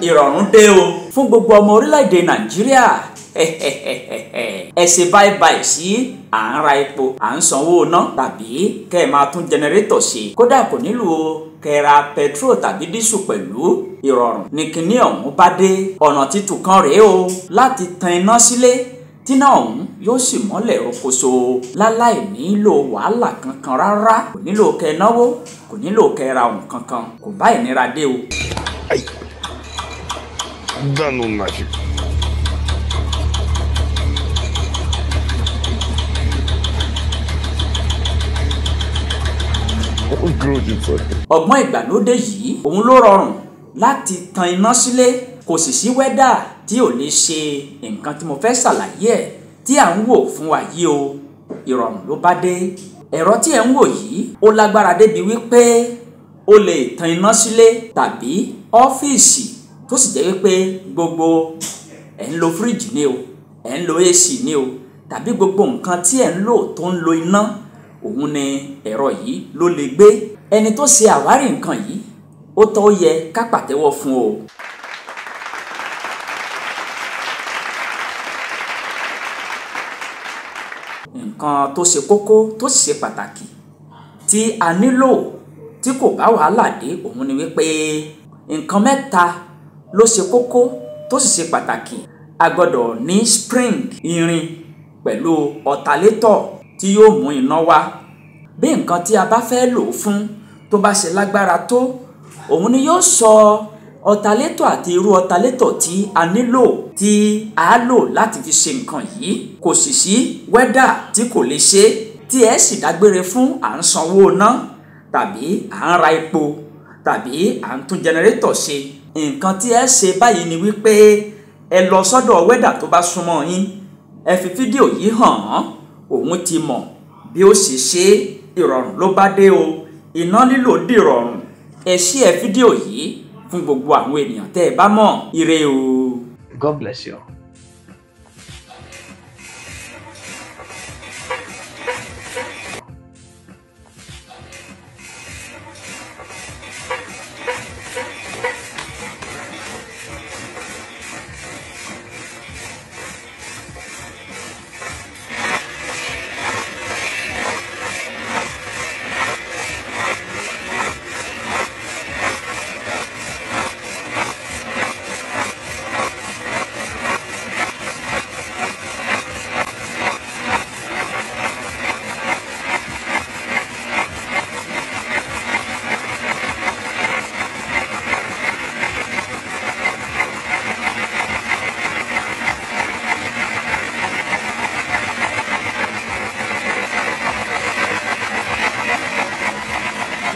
ìrọ̀rùn dé o fún gbogbo ọmọ orílẹ̀-èdè nàìjíríà ẹ ṣe báyìí báyìí sí à ń ra epo à ń sanwó ná tàbí kẹ́ ẹ máa tún jẹnẹrétọ̀ ṣe kódà kò nílò kẹra pẹtrol tàbí dísù pẹ̀lú ìrọ̀rùn ní kinní ọ̀hún bá dé ọ̀nà títù kan rèé o láti tan iná sílé tíná ọ̀hún yóò sì mọ́lẹ̀ okoso láláì nílò wàhálà kankan rárá kò nílò kẹ náwó kò nílò kẹra ohun kankan kò bá ìnira dé o. Да ну нафиг. ọgbọ́n ìgbàlódé yìí òun ló rọrùn láti tan iná sílé kò sì sí wẹ́dà tí ò lè ṣe nǹkan tí mo fẹ́ ṣàlàyé ẹ̀ tí à ń wò fún wa yìí o ìrọ̀rùn ló bá dé ẹ̀rọ tí ẹ̀ ń wò yìí ó lágbára débi wípé o lè tan iná sílé tàbí ọ́fíìsì tó sì jẹ́ wípé gbogbo ẹ̀ ń lo fíríjì ni o ẹ̀ ń lo AC ni o tàbí gbogbo nǹkan tí ẹ̀ ń lò tó ń lo iná òun ni ẹ̀rọ yìí ló lè gbé ẹni tó ṣe àwárí nǹkan yìí ó tọ́ ó yẹ ká pàtẹ́wọ́ fún o. nǹkan tó ṣe kókó tó ṣe pàtàkì tí a nílò tí kò bá wàhálà dé òun ni wípé nǹkan mẹ́ta ló ṣe kókó tó sì ṣe pàtàkì a gbọ́dọ̀ ní spring irin pẹ̀lú ọ̀tàlétọ̀ tí yóò mú iná wá bí nǹkan tí a bá fẹ́ lò fún tó bá ṣe lágbára tó òun ni yóò sọ ọ̀tàlétọ̀ àti irú ọ̀tàlétọ̀ tí a nílò tí a lò láti fi ṣe nǹkan yìí kò sì sí wẹ́dà tí kò lè ṣe tí ẹ sì dágbére fún à ń sanwó ná tàbí à ń ra epo tàbí à ń tún jẹnẹrétọ̀ ṣe nǹkan tí ẹ ṣe báyìí ni wípé ẹ lọ sọ́dọ̀ wẹ́dà tó bá súnmọ́ yín ẹ fi fídíò yìí hàn án òun ti mọ̀ bí ó ṣe ṣe ìrọ̀rùn ló bá dé o iná lílò dìrọ̀rùn ẹ ṣí ẹ fídíò yìí fún gbogbo àwọn ènìyàn tẹ́ ẹ bá mọ̀ ire o. God bless you.